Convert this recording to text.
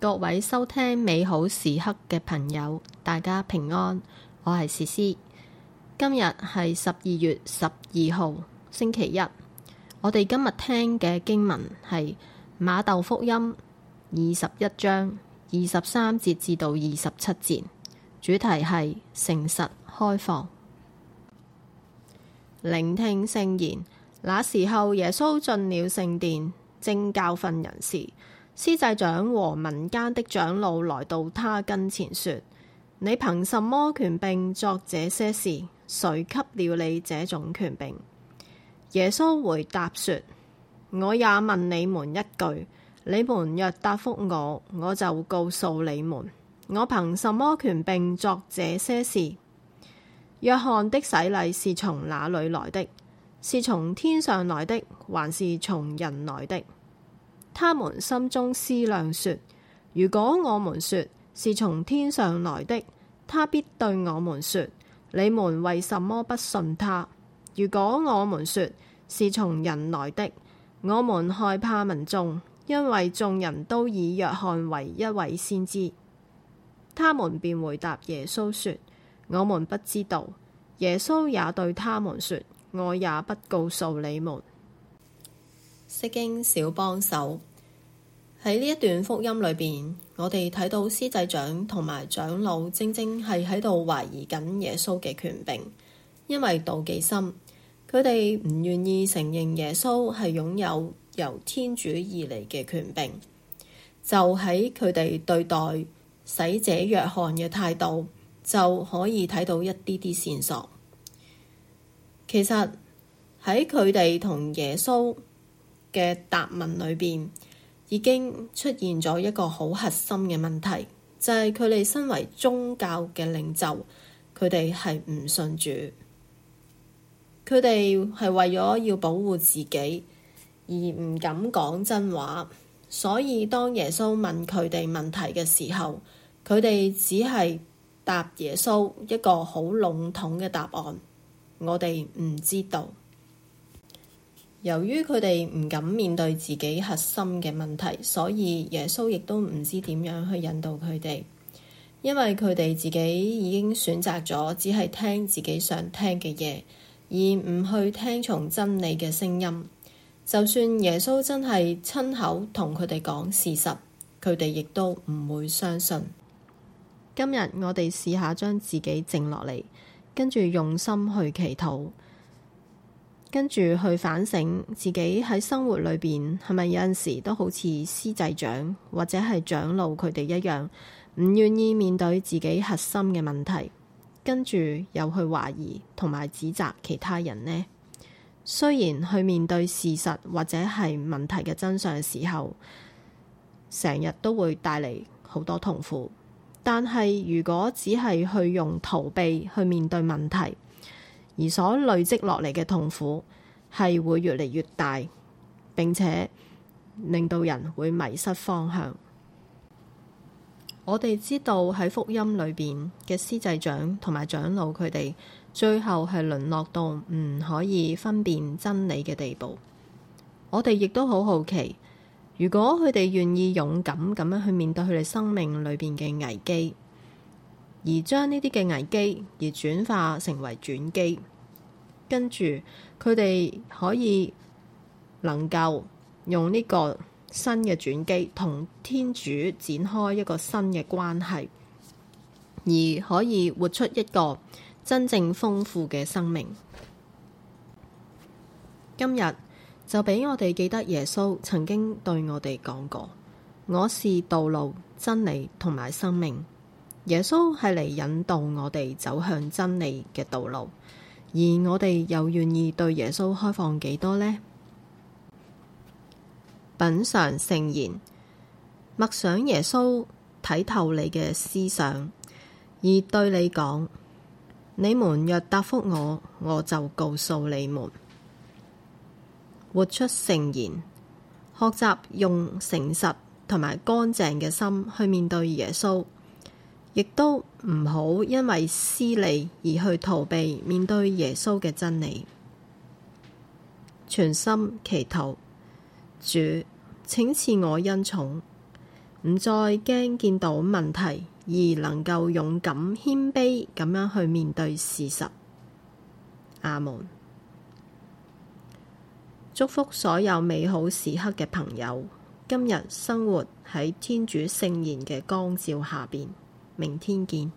各位收聽美好時刻嘅朋友，大家平安，我係詩詩。今日係十二月十二號星期一，我哋今日聽嘅經文係馬竇福音二十一章二十三節至到二十七節，主題係誠實開放。聆聽聖言，那時候，耶穌進了聖殿，正教訓人時，司祭長和民間的長老來到他跟前，說：你憑什麼權柄作這些事？誰給了你這種權柄？耶穌回答說：我也問你們一句，你們若答復我，我就告訴你們，我憑什麼權柄作這些事？若翰的洗禮是從哪裏來的？是從天上來的，還是從人來的？他們心中思量說：如果我們說是從天上來的，他必對我們說：你們為什麼不信他？如果我們說是從人來的，我們害怕民眾，因為眾人都以若翰為一位先知。他們便回答耶穌說：我們不知道。耶穌也對他們說：我也不告訴你們。釋經小幫手。喺呢一段福音裏邊，我哋睇到司祭長同埋長老，正正係喺度懷疑緊耶穌嘅權柄，因為妒忌心，佢哋唔願意承認耶穌係擁有由天主而嚟嘅權柄。就喺佢哋對待洗者若翰嘅態度，就可以睇到一啲啲綫索。其實喺佢哋同耶穌嘅答問裏邊。已經出現咗一個好核心嘅問題，就係佢哋身為宗教嘅領袖，佢哋係唔信主，佢哋係為咗要保護自己而唔敢講真話，所以當耶穌問佢哋問題嘅時候，佢哋只係答耶穌一個好籠統嘅答案，我哋唔知道。由於佢哋唔敢面對自己核心嘅問題，所以耶穌亦都唔知點樣去引導佢哋。因為佢哋自己已經選擇咗只係聽自己想聽嘅嘢，而唔去聽從真理嘅聲音。就算耶穌真係親口同佢哋講事實，佢哋亦都唔會相信。今日我哋試下將自己靜落嚟，跟住用心去祈禱。跟住去反省自己喺生活裏邊係咪有陣時都好似司祭長或者係長老佢哋一樣，唔願意面對自己核心嘅問題，跟住又去懷疑同埋指責其他人呢？雖然去面對事實或者係問題嘅真相嘅時候，成日都會帶嚟好多痛苦，但係如果只係去用逃避去面對問題。而所累積落嚟嘅痛苦係會越嚟越大，並且令到人會迷失方向。 我哋知道喺福音裏邊嘅司祭長同埋長老佢哋最後係淪落到唔可以分辨真理嘅地步。我哋亦都好好奇，如果佢哋願意勇敢咁樣去面對佢哋生命裏邊嘅危機。而將呢啲嘅危機而轉化成為轉機，跟住佢哋可以能夠用呢個新嘅轉機同天主展開一個新嘅關係，而可以活出一個真正豐富嘅生命。今日就俾我哋記得耶穌曾經對我哋講過：「我是道路、真理同埋生命。」耶穌係嚟引導我哋走向真理嘅道路，而我哋又願意對耶穌開放幾多呢？品嘗聖言，默想耶穌睇透你嘅思想，而對你講：你們若答覆我，我就告訴你們。活出聖言，學習用誠實同埋乾淨嘅心去面對耶穌。亦都唔好因為私利而去逃避面對耶穌嘅真理。全心祈禱，主，請賜我恩寵，唔再驚見到問題，而能夠勇敢謙卑咁樣去面對事實。阿門。祝福所有美好時刻嘅朋友，今日生活喺天主聖言嘅光照下邊。明天見。